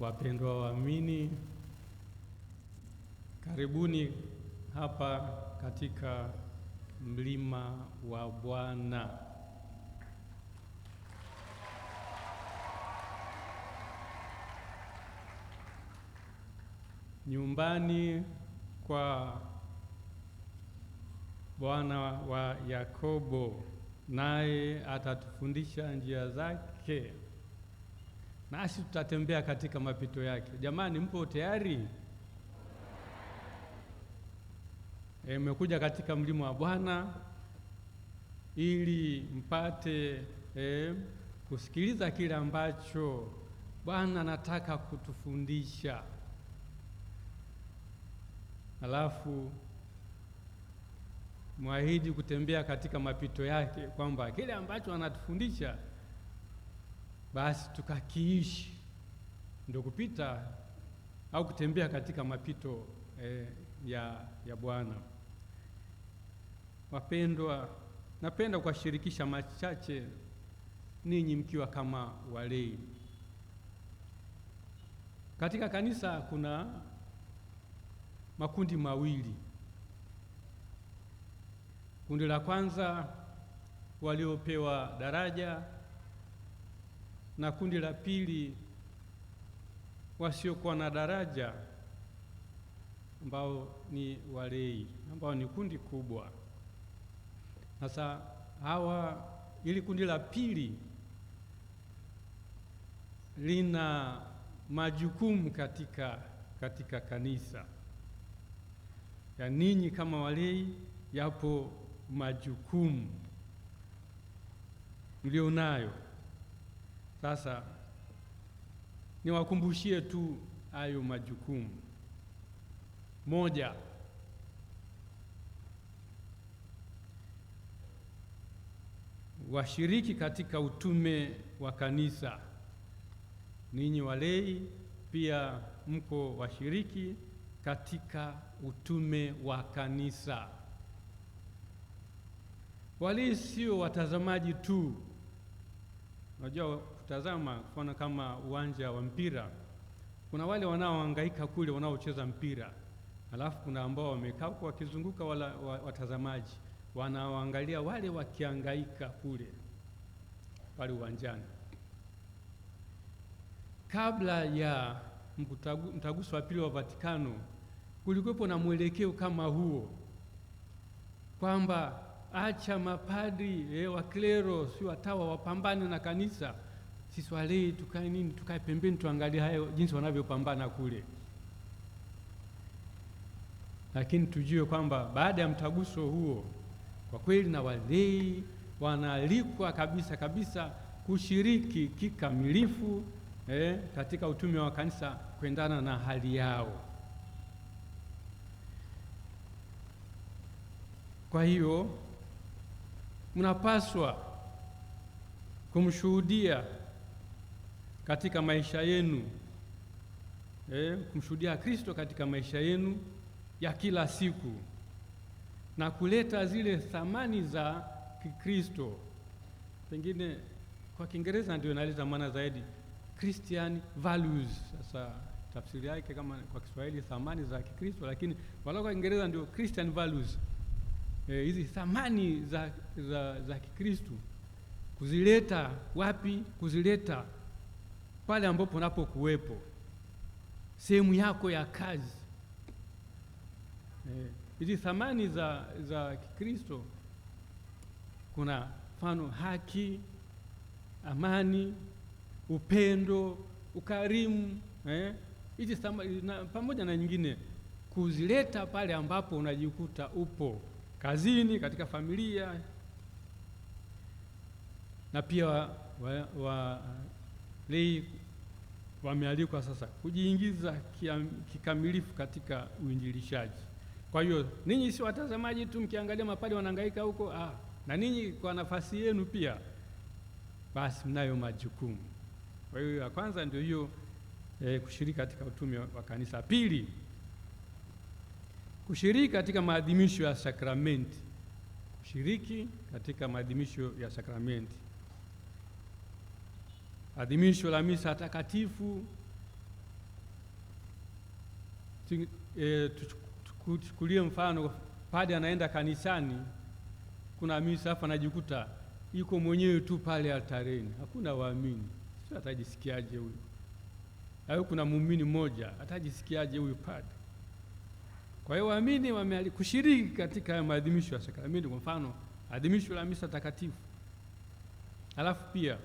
Wapendwa waamini, karibuni hapa katika mlima wa Bwana. Nyumbani kwa Bwana wa Yakobo, naye atatufundisha njia zake nasi tutatembea katika mapito yake. Jamani, mpo tayari? E, mmekuja katika mlima wa Bwana ili mpate e, kusikiliza kile ambacho Bwana anataka kutufundisha, alafu mwahidi kutembea katika mapito yake, kwamba kile ambacho anatufundisha basi tukakiishi, ndio kupita au kutembea katika mapito eh, ya, ya Bwana. Wapendwa, napenda kuwashirikisha machache ninyi mkiwa kama walei. Katika kanisa kuna makundi mawili. Kundi la kwanza waliopewa daraja na kundi la pili wasiokuwa na daraja ambao ni walei, ambao ni kundi kubwa. Sasa hawa, ili kundi la pili lina majukumu katika, katika kanisa ya ninyi kama walei, yapo majukumu mlionayo sasa niwakumbushie tu hayo majukumu. Moja, washiriki katika utume wa kanisa. Ninyi walei pia mko washiriki katika utume wa kanisa. Walei sio watazamaji tu. Unajua tazama mfano kama uwanja wa mpira, kuna wale wanaohangaika kule wanaocheza mpira, alafu kuna ambao wamekaa huko wakizunguka wala watazamaji wanaoangalia wale wakiangaika kule pale uwanjani. Kabla ya mtaguso wa pili wa Vatikano kulikuwepo na mwelekeo kama huo, kwamba acha mapadri eh, waklero si watawa wapambane na kanisa sisi walei tukae nini, tukae pembeni, tuangalie hayo jinsi wanavyopambana kule, lakini tujue kwamba baada ya mtaguso huo kwa kweli na walei wanaalikwa kabisa kabisa kushiriki kikamilifu eh, katika utume wa kanisa kuendana na hali yao. Kwa hiyo mnapaswa kumshuhudia katika maisha yenu eh, kumshuhudia Kristo katika maisha yenu ya kila siku na kuleta zile thamani za Kikristo. Pengine kwa Kiingereza ndio inaleta maana zaidi, Christian values. Sasa tafsiri yake kama kwa Kiswahili thamani za Kikristo, lakini wala kwa Kiingereza ndio Christian values eh, hizi e, thamani za, za, za Kikristo kuzileta wapi? Kuzileta pale ambapo unapokuwepo sehemu yako ya kazi. hizi eh, hizi thamani za, za Kikristo kuna mfano haki, amani, upendo, ukarimu eh, hizi pamoja na nyingine kuzileta pale ambapo unajikuta upo kazini, katika familia na pia wa, wa, wa lei wamealikwa sasa kujiingiza kikamilifu katika uinjilishaji. Kwa hiyo ninyi si watazamaji tu, mkiangalia mapale wanahangaika huko, ah, na ninyi kwa nafasi yenu pia basi mnayo majukumu. Kwa hiyo ya kwanza ndio hiyo eh, kushiriki katika utume wa kanisa. Pili, kushiriki katika maadhimisho ya sakramenti, kushiriki katika maadhimisho ya sakramenti Adhimisho la misa takatifu e, tuchukulie mfano, padre anaenda kanisani, kuna misa hapa, anajikuta yuko mwenyewe tu pale altareni, hakuna waamini, sio? Atajisikiaje huyu? Au kuna muumini mmoja, atajisikiaje huyu padre? Kwa hiyo waamini wamekushiriki katika maadhimisho ya sakramenti, kwa mfano adhimisho la misa takatifu, alafu pia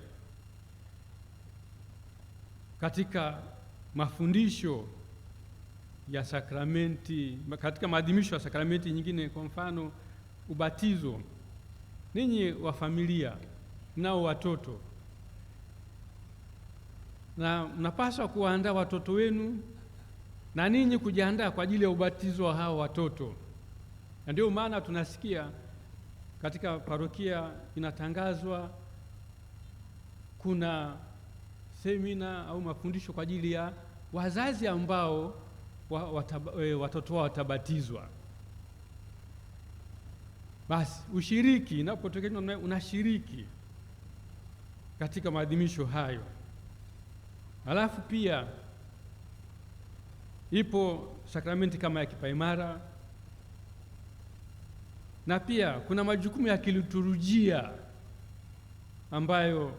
katika mafundisho ya sakramenti, katika maadhimisho ya sakramenti nyingine, kwa mfano ubatizo. Ninyi wa familia mnao watoto na mnapaswa kuwaandaa watoto wenu na ninyi kujiandaa kwa ajili ya ubatizo wa hao watoto, na ndio maana tunasikia katika parokia inatangazwa kuna semina au mafundisho kwa ajili ya wazazi ambao e, watoto wao watabatizwa. Basi ushiriki inapotokea unashiriki katika maadhimisho hayo. Halafu pia ipo sakramenti kama ya kipaimara, na pia kuna majukumu ya kiliturujia ambayo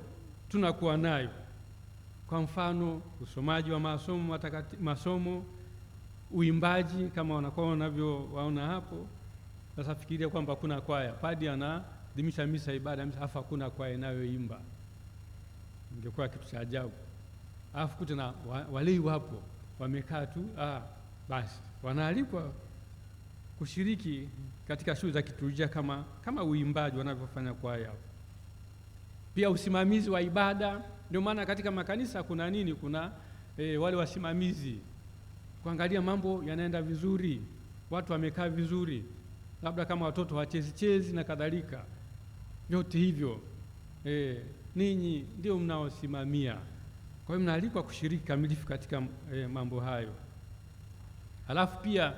tunakuwa nayo. Kwa mfano usomaji wa masomo matakati, masomo uimbaji kama wanakuwa waona hapo. Sasa fikiria kwamba kuna kwaya, padi anadhimisha misa ibada ya misa, afu hakuna kwaya inayoimba, ingekuwa kitu cha ajabu. Afu kute na walei wapo wamekaa tu, ah, basi wanaalikwa kushiriki katika shughuli za kitujia kama, kama uimbaji wanavyofanya kwaya. Pia usimamizi wa ibada ndio maana katika makanisa kuna nini? Kuna e, wale wasimamizi kuangalia mambo yanaenda vizuri, watu wamekaa vizuri, labda kama watoto wachezi chezi na kadhalika. Vyote hivyo e, ninyi ndio mnaosimamia. Kwa hiyo mnaalikwa kushiriki kamilifu katika e, mambo hayo. Halafu pia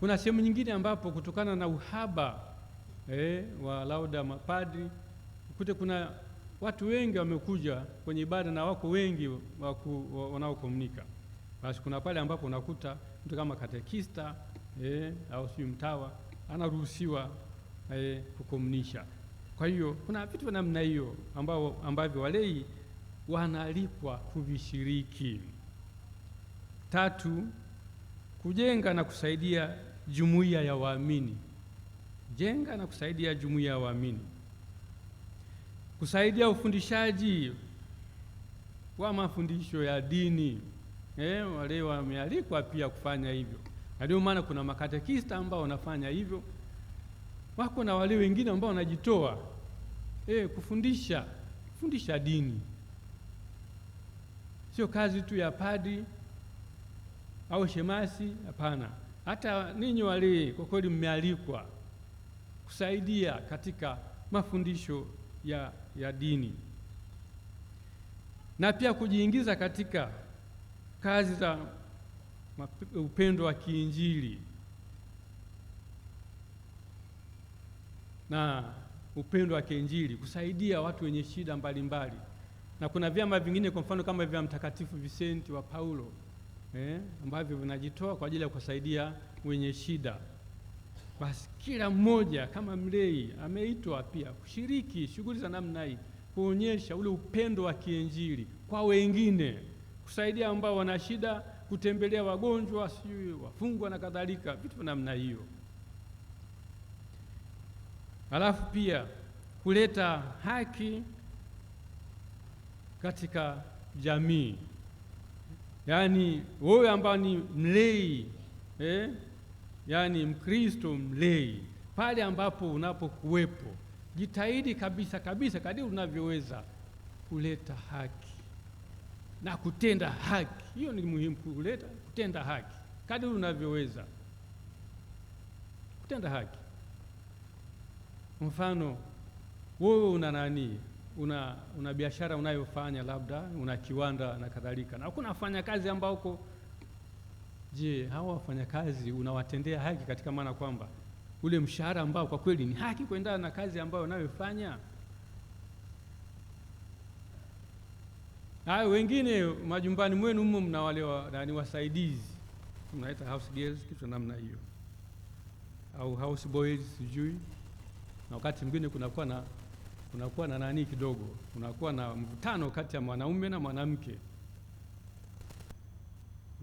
kuna sehemu nyingine ambapo kutokana na uhaba e, wa lauda mapadri kute kuna watu wengi wamekuja kwenye ibada na wako wengi wanaokomunika. Basi kuna pale ambapo unakuta mtu kama katekista eh, au sijui mtawa anaruhusiwa eh, kukomunisha. Kwa hiyo kuna vitu vya namna hiyo ambao ambavyo walei wanalikwa kuvishiriki. Tatu, kujenga na kusaidia jumuiya ya waamini. Jenga na kusaidia jumuiya ya waamini kusaidia ufundishaji wa mafundisho ya dini. Eh, wale wamealikwa pia kufanya hivyo, na ndio maana kuna makatekista ambao wanafanya hivyo, wako na wale wengine ambao wanajitoa eh, kufundisha kufundisha dini. Sio kazi tu ya padri au shemasi, hapana. Hata ninyi wale kwa kweli mmealikwa kusaidia katika mafundisho ya ya dini na pia kujiingiza katika kazi za upendo wa kiinjili na upendo wa kiinjili, kusaidia watu wenye shida mbalimbali mbali. Na kuna vyama vingine kwa mfano kama vya Mtakatifu Visenti wa Paulo eh, ambavyo vinajitoa kwa ajili ya kusaidia wenye shida. Basi kila mmoja kama mlei ameitwa pia kushiriki shughuli za namna hii, kuonyesha ule upendo wa kiinjili kwa wengine, kusaidia ambao wana shida, kutembelea wagonjwa, sijui wafungwa na kadhalika, vitu vya namna hiyo. Halafu pia kuleta haki katika jamii, yaani wewe ambao ni mlei eh? yaani Mkristo mlei, pale ambapo unapokuwepo, jitahidi kabisa kabisa kadiri unavyoweza kuleta haki na kutenda haki. Hiyo ni muhimu, kuleta kutenda haki kadiri unavyoweza kutenda haki. Mfano, wewe una nani, una, una biashara unayofanya labda una kiwanda na kadhalika, na kuna wafanyakazi ambao uko Je, hawa wafanyakazi unawatendea haki katika maana kwamba ule mshahara ambao kwa kweli ni haki kuendana na kazi ambayo wanayofanya? Hayo wengine majumbani mwenu mmo mna wale wa, ni wasaidizi mnaita house girls kitu namna hiyo au house boys sijui, na wakati mwingine kunakuwa na kunakuwa na nani kidogo, kunakuwa na mvutano kati ya mwanaume na mwanamke.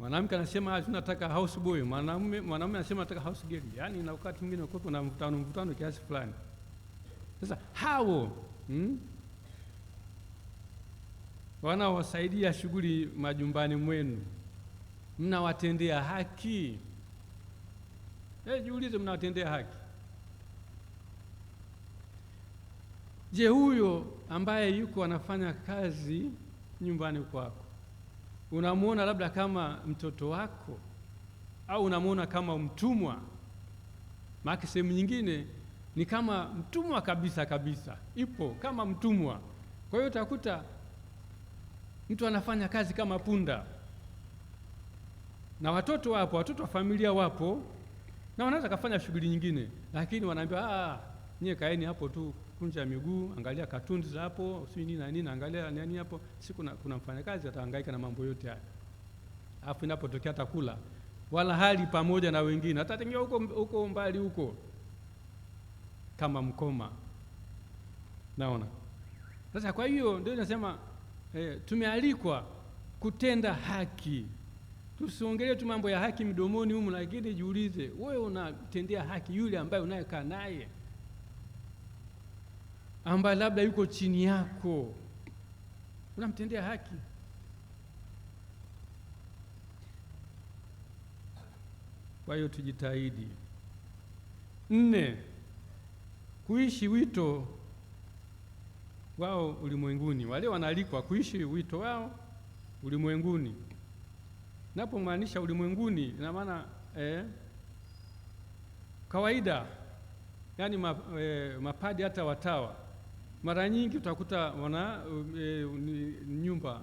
Mwanamke anasema tunataka house boy, mwanamume mwanamume anasema nataka house girl. Yaani na wakati mwingine uko na mvutano mvutano kiasi fulani. Sasa hao hmm? wanaowasaidia shughuli majumbani mwenu mnawatendea haki? Eh, jiulize, mnawatendea haki? Je, huyo ambaye yuko anafanya kazi nyumbani kwako unamwona labda kama mtoto wako au unamwona kama mtumwa. Maana sehemu nyingine ni kama mtumwa kabisa kabisa, ipo kama mtumwa. Kwa hiyo utakuta mtu anafanya kazi kama punda, na watoto wapo, watoto wa familia wapo, na wanaweza kafanya shughuli nyingine, lakini wanaambiwa ah, ah nyie kaeni hapo tu, kukunja miguu, angalia katuni za hapo, sijui nini na nini, angalia nani hapo. Si kuna, kuna mfanyakazi atahangaika na mambo yote haya, alafu inapotokea atakula wala hali pamoja na wengine, hatatengia huko huko mbali huko kama mkoma. Naona sasa. Kwa hiyo ndio nasema eh, tumealikwa kutenda haki. Tusiongelee tu mambo ya haki midomoni humu, lakini jiulize, wewe unatendea haki yule ambaye unayekaa naye? ambaye labda yuko chini yako, unamtendea haki. Kwa hiyo tujitahidi. Nne, kuishi wito wao ulimwenguni. Wale wanaalikwa kuishi wito wao ulimwenguni, napomaanisha ulimwenguni, ina maana eh, kawaida, yaani mapadi hata watawa mara nyingi utakuta wana e, nyumba.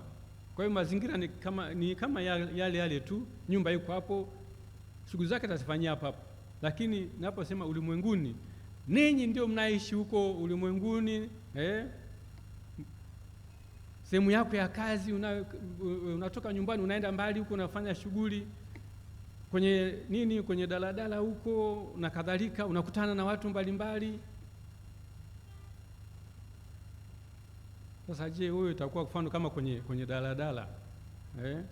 Kwa hiyo mazingira ni kama, ni kama yale yale tu, nyumba iko hapo, shughuli zake atazifanyia hapo hapo. Lakini naposema ulimwenguni, ninyi ndio mnaishi huko ulimwenguni eh? sehemu yako ya kazi una, unatoka nyumbani unaenda mbali huko unafanya shughuli kwenye nini, kwenye daladala huko na kadhalika, unakutana na watu mbalimbali mbali. Sasa je, huyo itakuwa mfano kama kwenye kwenye daladala eh?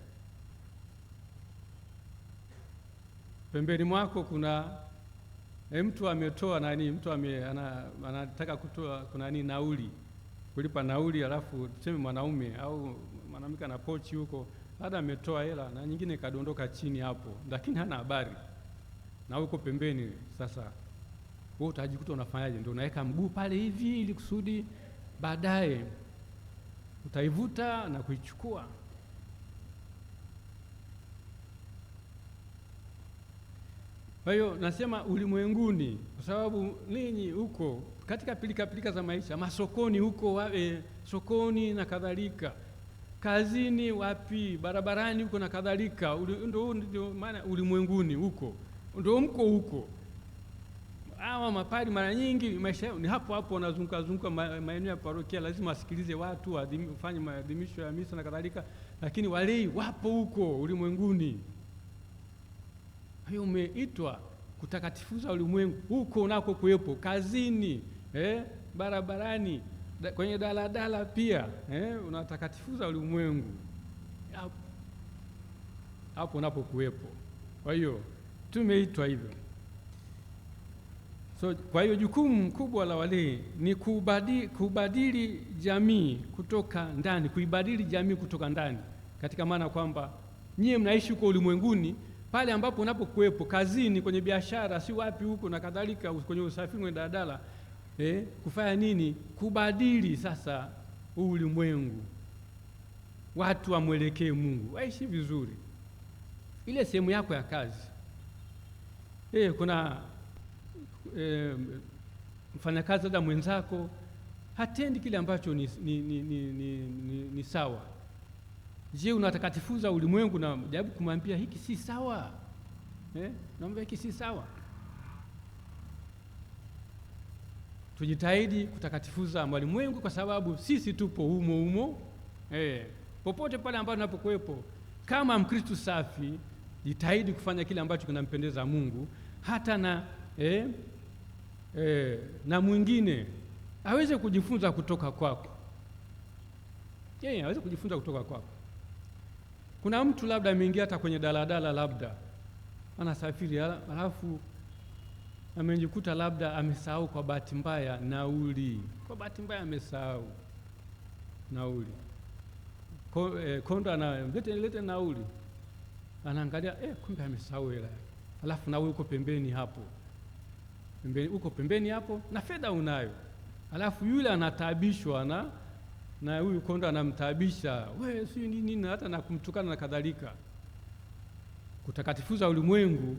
Pembeni mwako kuna eh, mtu ametoa nani, mtu ame, ana, anataka kutoa kuna nini nauli, kulipa nauli, alafu tuseme mwanaume au mwanamke ana pochi huko, labda ametoa hela na nyingine kadondoka chini hapo, lakini hana habari na uko pembeni. Sasa wewe utajikuta unafanyaje? Ndio unaweka mguu pale hivi ili kusudi baadaye utaivuta na kuichukua. Kwa hiyo nasema ulimwenguni, kwa sababu ninyi huko katika pilika pilika za maisha, masokoni huko wa, eh, sokoni na kadhalika, kazini, wapi, barabarani huko na kadhalika, ndio maana ulimwenguni huko, ndio mko huko hawa mapari mara nyingi maisha ni hapo hapo, wanazunguka zunguka maeneo ya parokia, lazima wasikilize watu, wafanye maadhimisho ya misa na kadhalika, lakini walei wapo huko ulimwenguni. Hiyo umeitwa kutakatifuza ulimwengu huko unako kuwepo, kazini eh, barabarani, da, kwenye daladala pia eh, unatakatifuza ulimwengu hapo unapokuwepo. Kwa hiyo tumeitwa hivyo. So, kwa hiyo jukumu kubwa la walei ni kubadili, kubadili jamii kutoka ndani, kuibadili jamii kutoka ndani, katika maana kwamba nyie mnaishi huko ulimwenguni pale ambapo unapokuwepo kazini, kwenye biashara, si wapi huko na kadhalika, kwenye usafiri, kwenye daladala eh, kufanya nini? Kubadili sasa ulimwengu, watu wamwelekee Mungu, waishi vizuri ile sehemu yako ya kazi eh, kuna e, mfanyakazi labda mwenzako hatendi kile ambacho ni, ni, ni, ni, ni, ni, ni sawa. Je, unatakatifuza ulimwengu na jaribu kumwambia hiki si sawa eh? Naomba hiki si sawa. Tujitahidi kutakatifuza mwalimwengu kwa sababu sisi tupo humo humo eh, popote pale ambapo tunapokuwepo. Kama Mkristo safi, jitahidi kufanya kile ambacho kinampendeza Mungu hata na eh, eh, na mwingine aweze kujifunza kutoka kwako. Yeye aweze kujifunza kutoka kwako. Kuna mtu labda ameingia hata kwenye daladala, labda anasafiri, halafu amejikuta labda amesahau kwa bahati mbaya nauli, kwa bahati mbaya amesahau nauli ko, eh, kondo analete lete nauli, anaangalia eh, kumbe amesahau hela, alafu nawe uko pembeni hapo pembeni, uko pembeni hapo na fedha unayo, alafu yule anataabishwa na na huyu kondo anamtaabisha we si nini na hata na kumtukana na kadhalika, kutakatifuza ulimwengu.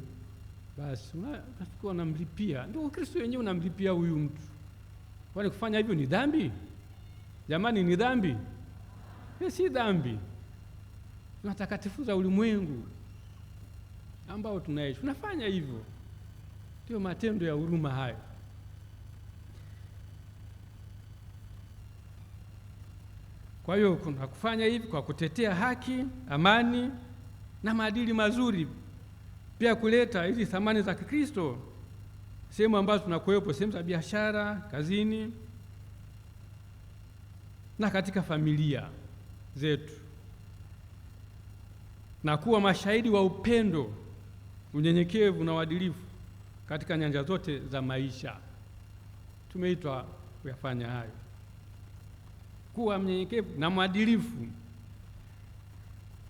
Basi unafikiri unamlipia? Ndio Ukristo wenyewe unamlipia huyu mtu. Kwani kufanya hivyo ni dhambi? Jamani, ni dhambi? Si dhambi. Unatakatifuza ulimwengu ambao tunaishi, unafanya hivyo. Ndiyo matendo ya huruma hayo. Kwa hiyo kuna kufanya hivi kwa kutetea haki, amani na maadili mazuri, pia kuleta hizi thamani za Kikristo sehemu ambazo tunakuwepo, sehemu za biashara, kazini na katika familia zetu, na kuwa mashahidi wa upendo, unyenyekevu na uadilifu katika nyanja zote za maisha. Tumeitwa kuyafanya hayo, kuwa mnyenyekevu na mwadilifu.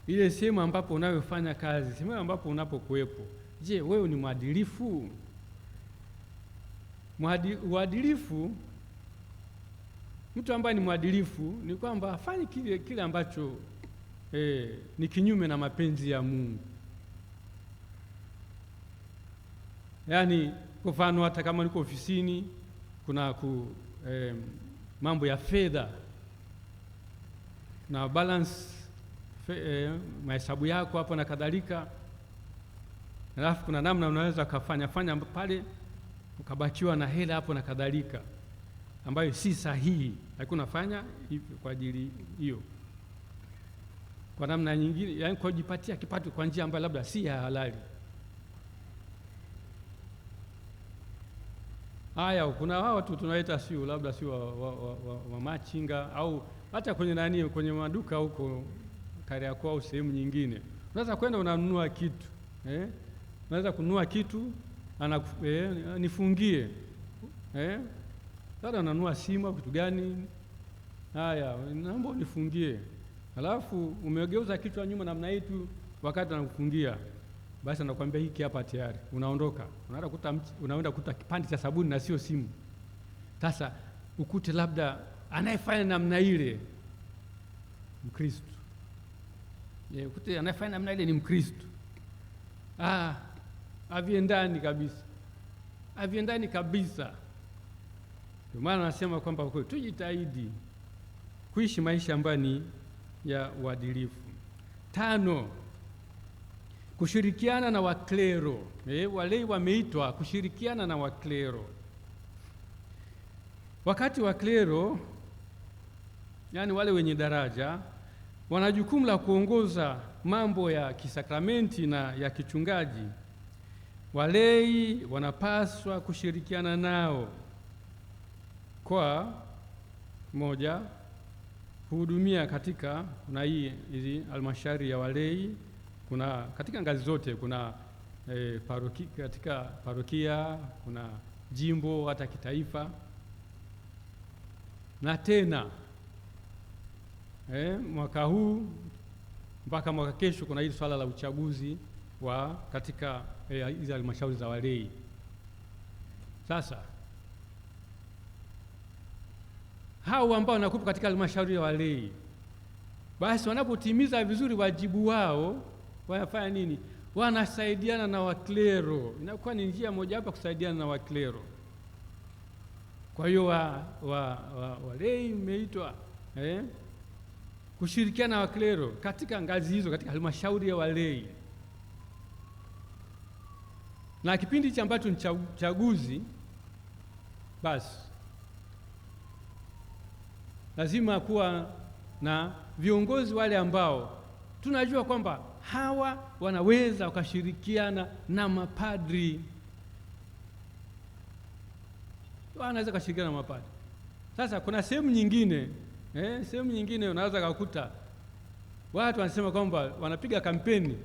Ile sehemu ambapo unayofanya kazi, sehemu ambapo unapokuwepo, je, wewe ni mwadilifu? Mwadilifu, mtu ambaye ni mwadilifu ni kwamba afanye kile kile ambacho eh, ni kinyume na mapenzi ya Mungu. yaani kwa mfano hata kama niko ofisini kuna ku, eh, mambo ya fedha na balance eh, mahesabu yako hapo na kadhalika, alafu kuna namna unaweza ukafanya fanya pale ukabakiwa na hela hapo na kadhalika, ambayo si sahihi, lakini unafanya hivyo kwa ajili hiyo, kwa namna nyingine, yani kujipatia kipato kwa njia ambayo labda si ya halali. Haya, kuna hao watu tunaita sio labda sio wamachinga wa, wa, wa, wa au hata kwenye nani kwenye maduka huko Kariakoo au sehemu nyingine, unaweza kwenda unanunua kitu eh? Unaweza kununua kitu ana, eh, nifungie eh? Sasa unanunua simu au kitu gani? Haya, naomba unifungie, alafu umegeuza kichwa nyuma namna hii tu wakati anakufungia basi anakuambia hiki hapa tayari, unaondoka unaenda kuta, unaenda kuta kipande cha sabuni na sio simu. Sasa ukute labda anayefanya namna ile Mkristo, eh, ukute anayefanya namna ile ni Mkristo. Ah, aviendani kabisa, aviendani kabisa. Ndio maana anasema kwamba tujitahidi kuishi maisha ambayo ni ya uadilifu. Tano, kushirikiana na waklero eh, walei wameitwa kushirikiana na waklero. Wakati waklero, yani wale wenye daraja, wana jukumu la kuongoza mambo ya kisakramenti na ya kichungaji. Walei wanapaswa kushirikiana nao kwa moja, kuhudumia katika kuna hii hizi almashauri ya walei kuna katika ngazi zote kuna e, paroki, katika parokia kuna jimbo, hata kitaifa na tena e, mwaka huu mpaka mwaka kesho kuna hili swala la uchaguzi wa katika eh, hizi e, halmashauri za walei. Sasa hao ambao wanakupa katika halmashauri ya walei, basi wanapotimiza vizuri wajibu wao wanafanya nini? Wanasaidiana na waklero, inakuwa ni njia mojawapo ya kusaidiana na waklero. Kwa hiyo wa, wa, wa, walei mmeitwa eh, kushirikiana na waklero katika ngazi hizo, katika halmashauri ya walei. Na kipindi hichi ambacho ni chaguzi, basi lazima kuwa na viongozi wale ambao tunajua kwamba hawa wanaweza wakashirikiana na mapadri, wanaweza wakashirikiana na mapadri. Sasa kuna sehemu nyingine eh, sehemu nyingine unaweza kukuta watu wanasema kwamba wanapiga kampeni,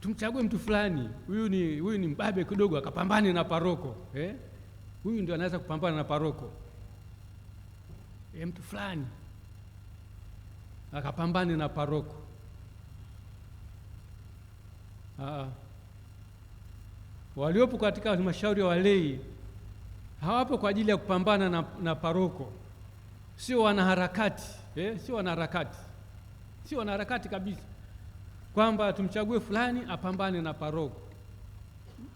tumchague mtu fulani, huyu ni huyu ni mbabe kidogo, akapambane na paroko eh, huyu ndio anaweza kupambana na paroko eh, mtu fulani akapambane na paroko Ah, ah. waliopo katika halmashauri ya walei hawapo kwa ajili ya kupambana na, na paroko, sio wanaharakati eh, sio wanaharakati, sio wanaharakati kabisa kwamba tumchague fulani apambane na paroko.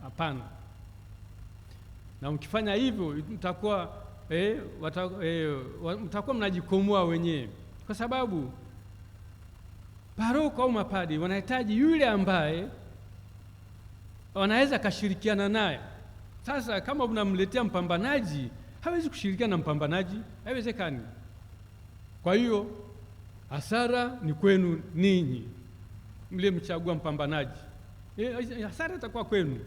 Hapana, na mkifanya hivyo mtakuwa eh, eh, mtakuwa mnajikomoa wenyewe, kwa sababu paroko au mapadi wanahitaji yule ambaye wanaweza akashirikiana naye. Sasa kama unamletea mpambanaji, hawezi kushirikiana na mpambanaji, haiwezekani. Kwa hiyo hasara ni kwenu ninyi mliyemchagua mpambanaji, eh, hasara e, itakuwa kwenu.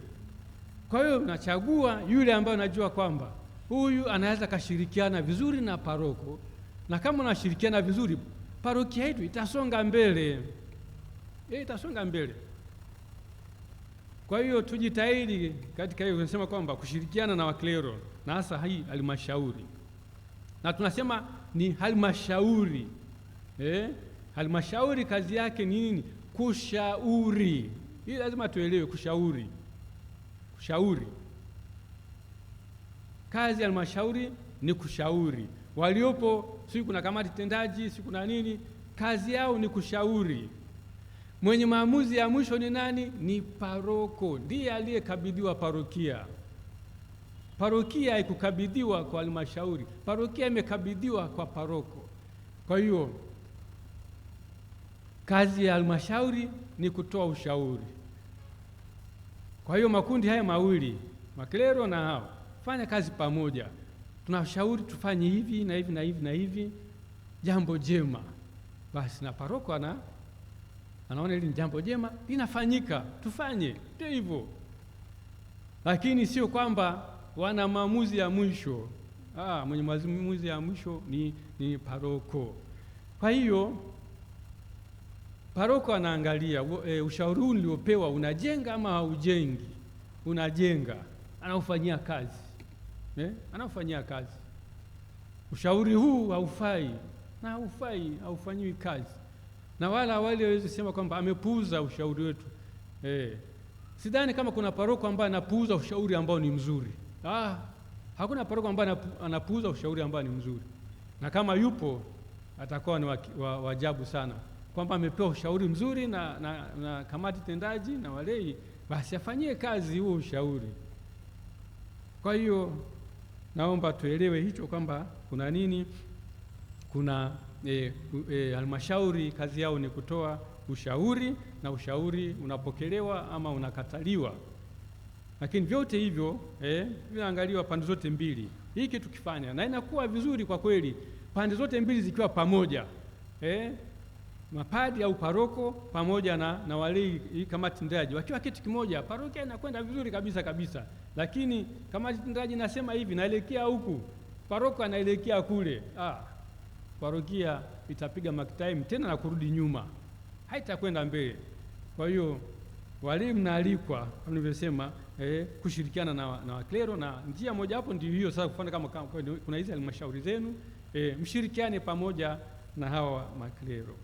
Kwa hiyo nachagua yule ambaye najua kwamba huyu anaweza akashirikiana vizuri na paroko, na kama unashirikiana vizuri, parokia yetu itasonga mbele e, itasonga mbele. Kwa hiyo tujitahidi katika hiyo, tunasema kwamba kushirikiana na waklero na hasa hii halmashauri, na tunasema ni halmashauri eh? Halmashauri kazi yake ni nini? Kushauri. Hii lazima tuelewe, kushauri, kushauri. Kazi ya halmashauri ni kushauri waliopo, si kuna kamati tendaji, si kuna nini, kazi yao ni kushauri. Mwenye maamuzi ya mwisho ni nani? Ni paroko, ndiye aliyekabidhiwa parokia. Parokia haikukabidhiwa kwa halmashauri, parokia imekabidhiwa kwa paroko. Kwa hiyo kazi ya halmashauri ni kutoa ushauri. Kwa hiyo makundi haya mawili makilero na hao fanya kazi pamoja, tunashauri tufanye hivi na hivi na hivi na hivi, jambo jema. Basi na paroko ana anaona hili ni jambo jema linafanyika, tufanye ndio hivyo, lakini sio kwamba wana maamuzi ya mwisho. Ah, mwenye maamuzi ya mwisho ni, ni paroko. Kwa hiyo paroko anaangalia e, ushauri huu niliopewa unajenga ama haujengi? Unajenga, anaufanyia kazi eh? Anaufanyia kazi. Ushauri huu haufai na haufai, haufanyiwi kazi na wala awali hawezi sema kwamba amepuuza ushauri wetu eh. Sidhani kama kuna paroko ambaye anapuuza ushauri ambao ni mzuri. Ah, hakuna paroko ambaye anapuuza ushauri ambao ni mzuri, na kama yupo atakuwa ni wa wa sana kwamba amepewa ushauri mzuri na, na, na kamati tendaji na walei, basi afanyie kazi huo ushauri. Kwa hiyo naomba tuelewe hicho kwamba kuna nini, kuna e, e, halmashauri kazi yao ni kutoa ushauri na ushauri unapokelewa ama unakataliwa, lakini vyote hivyo e, vinaangaliwa pande zote mbili. hii kitu kifanya na inakuwa vizuri kwa kweli, pande zote mbili zikiwa pamoja e, mapadi au paroko pamoja na, na walei kamati tendaji wakiwa kitu kimoja, parokia inakwenda vizuri kabisa kabisa. Lakini kamati tendaji nasema hivi, naelekea huku, paroko anaelekea kule ah parokia itapiga maktaim tena na kurudi nyuma, haitakwenda mbele. Kwa hiyo walimu naalikwa kama nilivyosema, eh, kushirikiana na, na waklero na njia moja hapo ndio hiyo sasa kufanya kama, kuna hizi halmashauri zenu eh, mshirikiane pamoja na hawa maklero.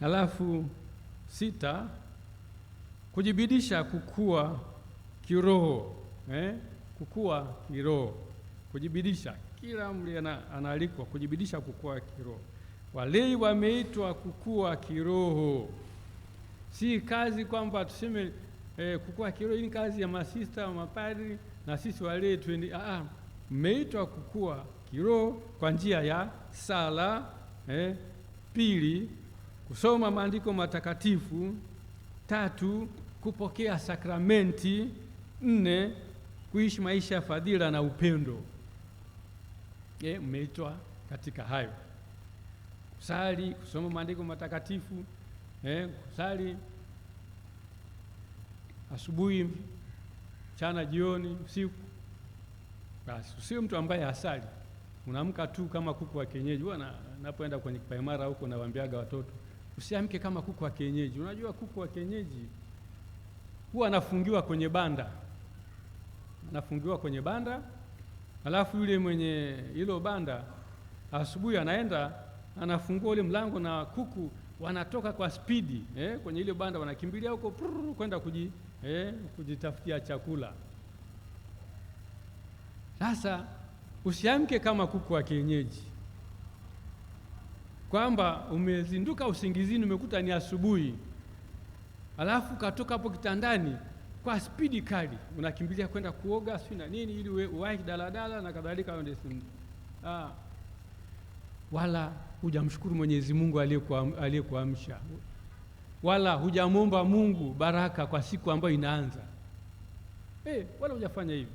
alafu sita, kujibidisha kukua kiroho eh, kukua kiroho kujibidisha. Kila mli anaalikwa kujibidisha kukua kiroho. Walei wameitwa kukua kiroho, si kazi kwamba tuseme eh, kukua kiroho ni kazi ya masista mapadri na sisi walei twende. Ah, ah, mmeitwa kukua kiroho kwa njia ya sala eh, pili kusoma maandiko matakatifu, tatu kupokea sakramenti, nne kuishi maisha ya fadhila na upendo. Maanake mmeitwa katika hayo: kusali, kusoma maandiko matakatifu eh, kusali asubuhi, mchana, jioni, usiku. Basi usio mtu ambaye asali, unaamka tu kama kuku wa kienyeji. Huwa napoenda kwenye kipaimara huko nawaambiaga watoto usiamke kama kuku wa kienyeji. Unajua kuku wa kienyeji huwa anafungiwa kwenye banda, anafungiwa kwenye banda Alafu yule mwenye hilo banda asubuhi anaenda anafungua ule mlango na kuku wanatoka kwa spidi eh, kwenye ile banda wanakimbilia huko kwenda kuji, eh, kujitafutia chakula. Sasa usiamke kama kuku wa kienyeji, kwamba umezinduka usingizini, umekuta ni asubuhi, alafu katoka hapo kitandani kwa spidi kali, unakimbilia kwenda kuoga si na nini, ili uwahi daladala na kadhalika. Ah, wala hujamshukuru Mwenyezi Mungu aliyekuamsha, wala hujamwomba Mungu baraka kwa siku ambayo inaanza eh, wala hujafanya hivyo.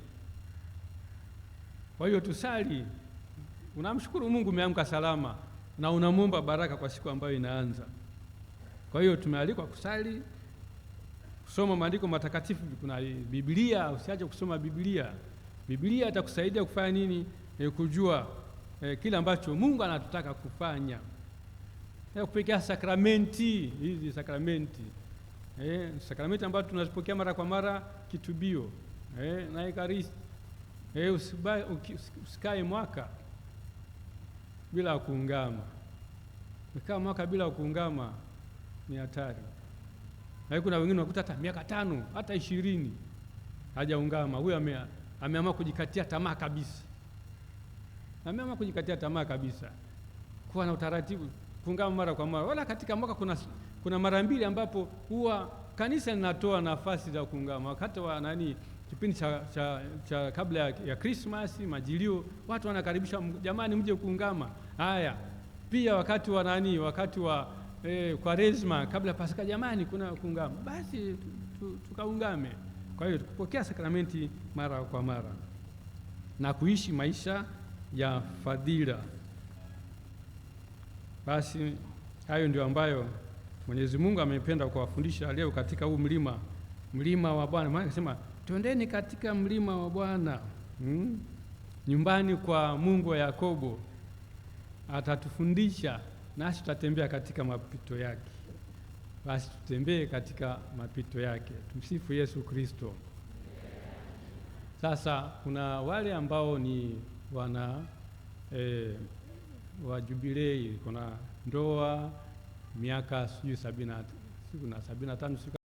Kwa hiyo tusali, unamshukuru Mungu umeamka salama na unamwomba baraka kwa siku ambayo inaanza. Kwa hiyo tumealikwa kusali kusoma maandiko matakatifu. Kuna Biblia, usiache kusoma Biblia. Biblia itakusaidia kufanya nini? E, kujua e, kile ambacho Mungu anatutaka kufanya e, kupokea sakramenti hizi, sakramenti e, sakramenti ambazo tunazipokea mara kwa mara, kitubio e, na ekaristi e, usikae mwaka bila kuungama. Ukaa mwaka bila kuungama ni hatari na kuna wengine wakuta hata miaka tano hata ishirini hajaungama. Huyo ameamua kujikatia tamaa kabisa, ameamua kujikatia tamaa kabisa, kuwa na utaratibu kuungama mara kwa mara. Wala katika mwaka kuna, kuna mara mbili ambapo huwa kanisa linatoa nafasi za kuungama wakati wa nani kipindi cha, cha, cha kabla ya Krismasi majilio, watu wanakaribisha jamani, mje kuungama. Haya, pia wakati wa nani, wakati wa e, Kwaresma kabla Pasaka, jamani, kuna kuungama, basi tukaungame. Kwa hiyo tukupokea sakramenti mara kwa mara na kuishi maisha ya fadhila. Basi hayo ndio ambayo Mwenyezi Mungu amependa kuwafundisha leo katika huu mlima, mlima wa Bwana. Maana akasema twendeni katika mlima wa Bwana hmm? nyumbani kwa Mungu wa Yakobo atatufundisha nasi tutatembea katika mapito yake. Basi tutembee katika mapito yake. Tumsifu Yesu Kristo. Sasa kuna wale ambao ni wana e, wa jubilei, kuna ndoa miaka sijui sabini na tano